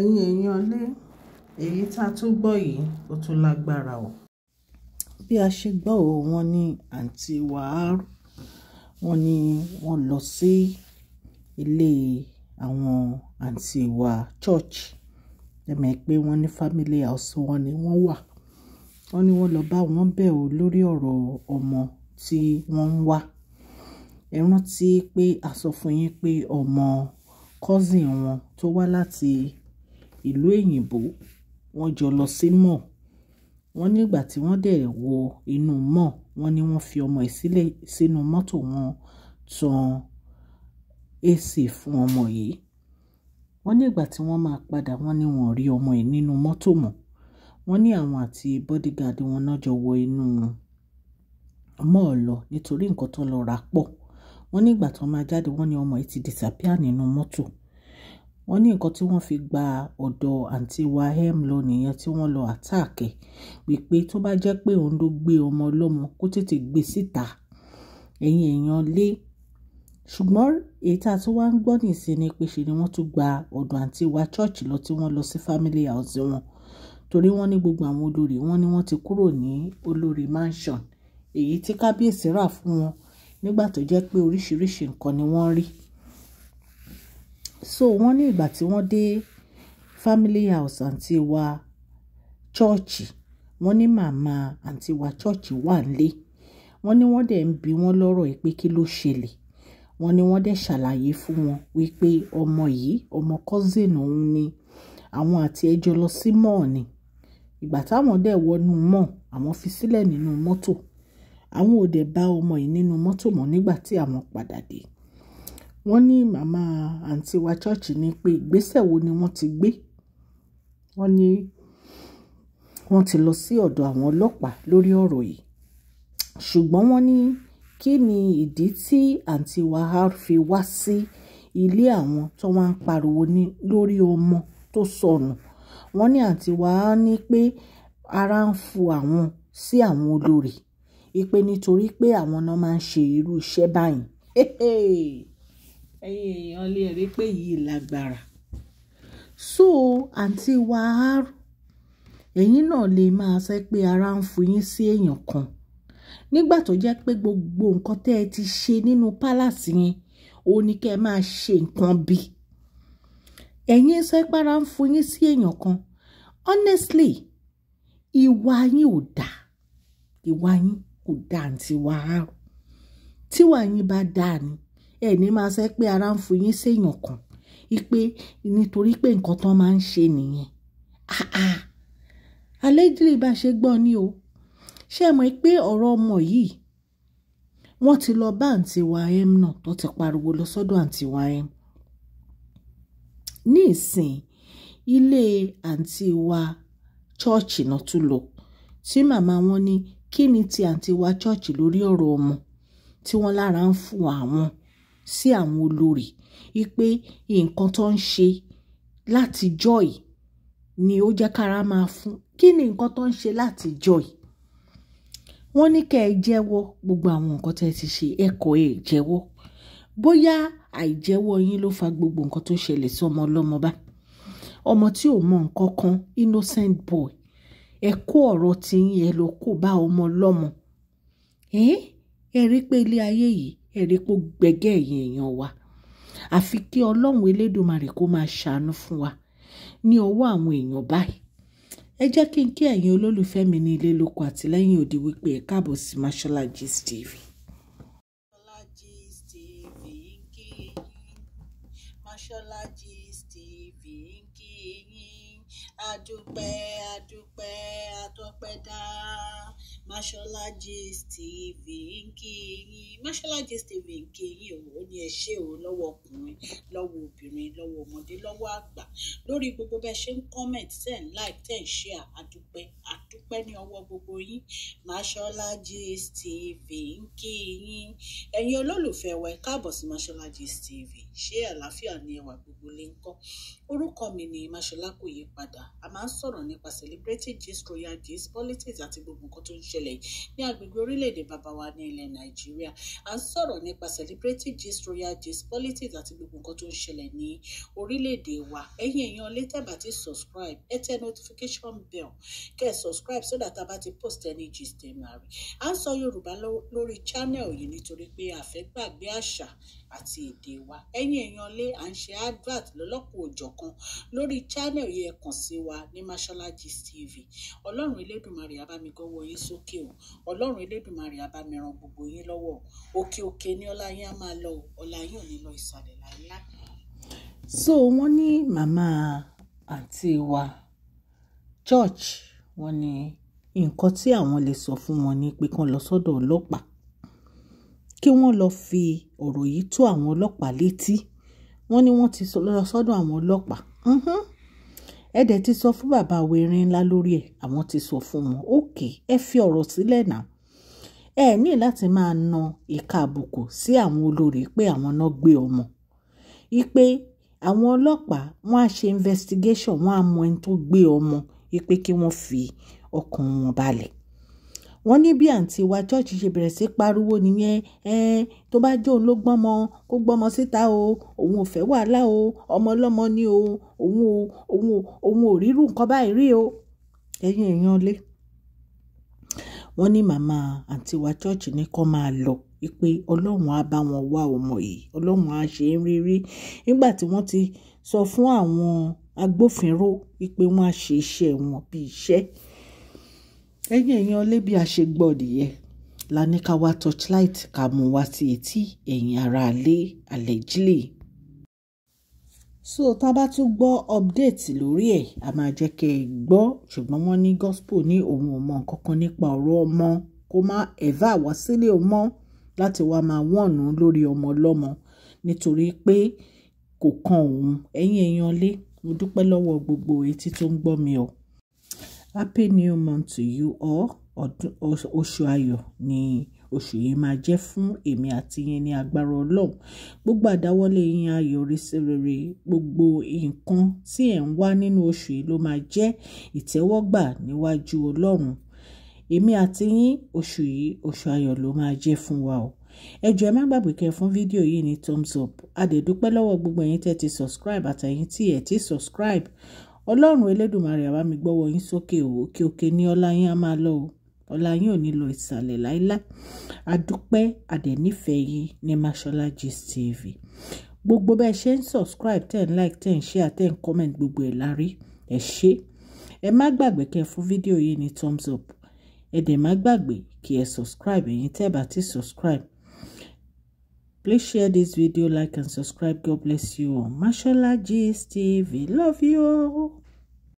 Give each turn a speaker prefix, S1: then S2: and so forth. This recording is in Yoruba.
S1: ẹ̀yin èèyàn lé èyí tá a tún gbọ́ yìí ó tún lágbára o bí a ṣe gbọ́ o wọ́n ní àǹtí wàhálù wọ́n ní wọ́n lọ sí ilé àwọn àǹtí wa church ẹ̀mẹ̀ pé wọ́n ní family house wọn ni wọ́n wà wọ́n ní wọ́n lọ bá wọn bẹ̀ o lórí ọ̀rọ̀ ọmọ tí wọ́n ń wá ẹ rántí pé a sọ fún yín pé ọmọ cousin wọn tó wá láti ìlú èyìnbó wọ́n jọ lọ sí mọ̀ wọ́n nígbà tí wọ́n dẹ̀ wọ inú mọ̀ wọ́n ní wọ́n fi ọmọ ẹ̀ sílẹ̀ sínú mọ́tò wọn tan AC fún ọmọ yìí wọ́n ní tí wọ́n máa padà wọ́n ní wọ́n rí ọmọ ẹ̀ nínú mọ́tò mọ́ wọ́n ní àwọn àti bodyguard wọn náà jọ wọ inú mọ́ọ̀ lọ nítorí nǹkan tó lọ rà pọ̀ wọ́n ní ìgbà tó máa jáde wọ́n ní ọmọ yìí ti disappear nínú mọ́tò. No wọ́n ní nǹkan tí wọ́n fi gba ọ̀dọ̀ àǹtí wahem lọ nìyẹn tí wọ́n lọ àtàkẹ́ wípé tó bá jẹ́ pé òun ló gbé ọmọ ọlọ́mọ kó tètè gbé síta ẹ̀yin èèyàn lé ṣùgbọ́n èyí tá a tún wá ń gbọ́ nìsín ni pé ni wọ́n tún gba ọ̀dọ̀ àǹtí wa chọ́ọ̀chì lọ tí wọ́n lọ sí family house wọn torí wọ́n ní gbogbo àwọn olórí wọn ni wọ́n ti kúrò ní olórí mansion èyí tí kábíyèsí rà fún wọn nígbà tó jẹ́ pé oríṣiríṣi nǹkan ni wọ́n rí so wọ́n ní ìgbà tí wọ́n dé family house àǹtí wa chọ́ọ̀chì wọ́n ní màmá àǹtí wa chọ́ọ̀chì wà nílé wọ́n ní wọ́n dẹ̀ ń bi wọ́n lọ́rọ̀ yìí pé kí ló ṣẹlẹ̀ wọ́n ní wọ́n dẹ̀ ṣàlàyé fún wọn wípé ọmọ yìí ọmọ cousin òun ni àwọn àti ẹjọ́ lọ sí mọ́ọ̀ ni ìgbà táwọn dẹ̀ wọnú mọ́ọ̀ àwọn fi sílẹ̀ nínú mọ́tò àwọn ò dẹ̀ bá ọmọ yìí nínú mọ́tò mọ́ nígbà tí àwọn padà dé wọ́n ní màmá àǹtí wa ṣọ́ọ̀ṣì ní pé ìgbésẹ̀ wo ni wọ́n ti gbé wọ́n ní wọ́n ti lọ sí ọ̀dọ̀ àwọn ọlọ́pàá lórí ọ̀rọ̀ yìí ṣùgbọ́n wọ́n ní kí ni ìdí tí àǹtí wahar fi wá sí ilé àwọn tó wá ń pariwo ní lórí ọmọ tó sọnù wọ́n ní àǹtí wahar ní pé ara ń fu àwọn sí àwọn olórí ìpè nítorí pé àwọn náà máa ń ṣe irú iṣẹ́ báyìí. Hey, hey ẹ̀yin èèyàn lè rí pé yìí lágbára so àǹtí wa áàrù ẹ̀yin náà lè máa ṣe pé ara ń fún yín sí èèyàn kan nígbà tó jẹ́ pé gbogbo nǹkan tẹ́ ẹ ti ṣe nínú pálàsì yẹn ó ní kẹ́ ẹ máa ṣe nǹkan bí ẹ̀yin ṣe pé ara ń fún yín sí èèyàn kan honestly ìwà yín ò dáa ìwà yín kò dáa àǹtí wa áàrù tíwà yín bá dáa ni ẹ ní máa sẹ́ pé ara ń fún yín séèyàn kan ipe nítorí pé nǹkan tán máa ń ṣe nìyẹn allegedly bá ṣe gbọ́ ni o ṣé ẹ mọ̀ pé ọ̀rọ̀ ọmọ yìí wọ́n ti lọ bá àǹtí Wahab náà tó ti pariwo lọ sọ́dọ̀ àǹtí Wahab ní ìsìn ilé àǹtí wa chọ́ọ̀chì náà tún lọ tí màmá wọn ní kí ni ti àǹtí wa chọ́ọ̀chì lórí ọ̀rọ̀ ọmọ tí wọ́n lára ń fún àwọn sí àwọn olórí wípé nǹkan tó ń ṣe láti joy ni ó jẹ́ kára máa fún kí ni nǹkan tó ń ṣe láti joy wọ́n ní kẹ́ ẹ jẹ́wọ́ gbogbo àwọn nǹkan tẹ́ ẹ ti ṣe ẹ̀kọ́ ẹ̀ jẹ́wọ́ bóyá àìjẹ́wọ́ yín ló fa gbogbo nǹkan tó ṣẹlẹ̀ sí ọmọ ọlọ́mọ bá ọmọ tí ò mọ nǹkan kan innocent boy ẹ kó ọ̀rọ̀ tí yín ẹ lọ kó bá ọmọ ọlọ́mọ ẹ rí pé ilé ayé yìí ẹ̀rí pò gbẹ́gẹ́ ẹ̀yìn èèyàn wa àfi kí ọlọ́run elédùnmarè kó máa ṣàánú fún wa ní ọwọ́ àwọn èèyàn báyìí ẹ jẹ́ kí n kí ẹ̀yin olólùfẹ́ mi ní ilé lóko àtìlẹ́yìn òde wípé ẹ káàbọ̀ sí Mashola TV. Mashola TV ń kí yín adúpẹ́ adúpẹ́ atọ́pẹ́ dáa. Mashola Gist TV ń kí yín Mashola Gist TV ń kí yín o ó ní ẹ ṣé o lọ́wọ́ ọkùnrin lọ́wọ́ obìnrin lọ́wọ́ ọmọdé lọ́wọ́ àgbà lórí gbogbo bẹ́ẹ̀ ṣe ń comment ten like ten share àdúpẹ́ àdúpẹ́ ní ọwọ́ gbogbo yín Mashola Gist TV ń kí yín ẹ̀yin olólùfẹ́ wa ẹ káàbọ̀ sí Mashola Gist TV ṣé àlàáfíà ni ẹwà gbogbo lè ń kọ́ orúkọ mi ni Mashola kò yí padà a máa ń sọ̀rọ̀ nípa celebrity gist royal gist politics àti gbogbo nǹkan tó ń ṣe ṣẹlẹ̀ ní agbègbè orílẹ̀-èdè bàbá wa ní ilẹ̀ nàìjíríà à ń sọ̀rọ̀ nípa celebrity gist royal gist politics àti gbogbo nǹkan tó ń ṣẹlẹ̀ ní orílẹ̀-èdè wa ẹ̀yin èèyàn lè tẹ́ bá ti subscribe ẹ tẹ notification bell kẹ́ ẹ subscribe so dat a bá ti post any gist ẹ̀ máa rí à ń sọ yorùbá lórí channel yìí nítorí pé a àṣà àti èdè wa ẹ̀yin èèyàn lé à ń ṣe advert lọ́lọ́kùn òjọ̀kan lórí channel yẹn kàn sí wa ní Mashola TV ọlọ́run elédùnmarè á yín sókè o ọlọ́run elédùnmarè á gbogbo yín lọ́wọ́ òkè òkè ni ọlá yín á máa lọ ọlá yín ò ní lọ ìsàlẹ̀ láíláí. so wọ́n ní màmá àǹtí wa church wọ́n ní nǹkan tí àwọn lè sọ fún wọn ni pé kán lọ sọ́dọ̀ ọlọ́pàá kí wọ́n lọ fi ọ̀rọ̀ yìí tó àwọn ọlọ́pàá létí wọ́n ní wọ́n ti lọ sọ́dọ̀ àwọn ọlọ́pàá ẹ dẹ̀ ti sọ fún bàbá wẹ̀rin ńlá lórí ẹ̀ àwọn ti sọ fún wọn òkè ẹ fi ọ̀rọ̀ sílẹ̀ náà ẹ ní láti máa na ìka àbùkù sí àwọn olórí pé àwọn náà gbé ọmọ ipe àwọn ọlọ́pàá wọ́n á ṣe investigation wọ́n á mọ ẹni tó gbé ọmọ ipe kí wọ́n fi ọkàn wọn balẹ̀ wọ́n ní bí àǹtí wa chọ́ọ̀chì ṣe bẹ̀rẹ̀ sí pariwo nìyẹn ẹn tó bá jẹ́ òun ló gbọ́mọ kó gbọ́mọ síta o òun ò fẹ́ wàhálà o ọmọ ọlọ́mọ ni o òun o òun o òun ò rírú nǹkan báyìí rí o ẹ̀yin èèyàn lé wọ́n ní màmá àǹtí wa chọ́ọ̀chì ní kó máa lọ pé ọlọ́run á bá wọn wá ọmọ yìí ọlọ́run á ṣe ń rírí nígbà tí wọ́n ti sọ fún àwọn agbófinró pé wọ́n á ṣe iṣẹ́ wọn bí iṣẹ́ ẹ̀yin èèyàn lé bí a ṣe gbọ́ nìyẹn la ní ká wá torchlight ká mú wá sí etí ẹ̀yin ará alẹ́ alẹ́jílẹ̀. so tá a bá tún gbọ́ update lórí ẹ̀ a máa jẹ́ kẹ́ ẹ gbọ́ ṣùgbọ́n wọ́n ní gospel ní òun ò mọ nǹkan kan nípa ọ̀rọ̀ ọmọ kó má ẹ̀fà wá sílé o mọ́ láti wá máa wọ̀nù lórí ọmọ lọ́mọ nítorí pé kò kan òun ẹ̀yin èèyàn lé mo dúpẹ́ lọ́wọ́ gbogbo etí tó ń gbọ́ mi o happy new month to you all ọdún oṣù ayọ̀ ni oṣù yìí máa jẹ́ fún èmi àti yín ní agbára ọlọ́run gbogbo àdáwọ́lé yín ayọ̀ oríṣi rere gbogbo nǹkan tí ẹ̀ ń wá nínú oṣù yìí ló máa jẹ́ ìtẹ́wọ́gbà níwájú ọlọ́run èmi àti yín oṣù yìí oṣù ayọ̀ ló máa jẹ́ fún wa o ẹ ẹ má gbàgbé kẹ́ fún fídíò yìí ní thumbs up a dẹ̀ dúpẹ́ lọ́wọ́ gbogbo ẹ̀yin tẹ́ ti subscribe àtẹ̀yin tí ẹ̀ ti subscribe ọlọ́run elédùnmarè àbá mi gbọ́wọ́ yín sókè o òkè òkè ní ọlá yín á máa lọ o ọlá yín ò ní lọ ìsàlẹ̀ láíláí adúpẹ́ àdẹ̀nífẹ̀ẹ́ yín ní mashola gist gbogbo bẹ́ẹ̀ ṣe ń subscribe ten like ten share ten comment gbogbo ẹ̀ lárí ẹ̀ ṣe ẹ má gbàgbé kẹ́ fún fídíò yìí ní thumbs up ẹ dẹ̀ má gbàgbé kí ẹ subscribe ẹ̀yin tẹ́ bá ti subscribe Please share this video, like and subscribe. God bless you all. Mashola Gist TV. Love you all.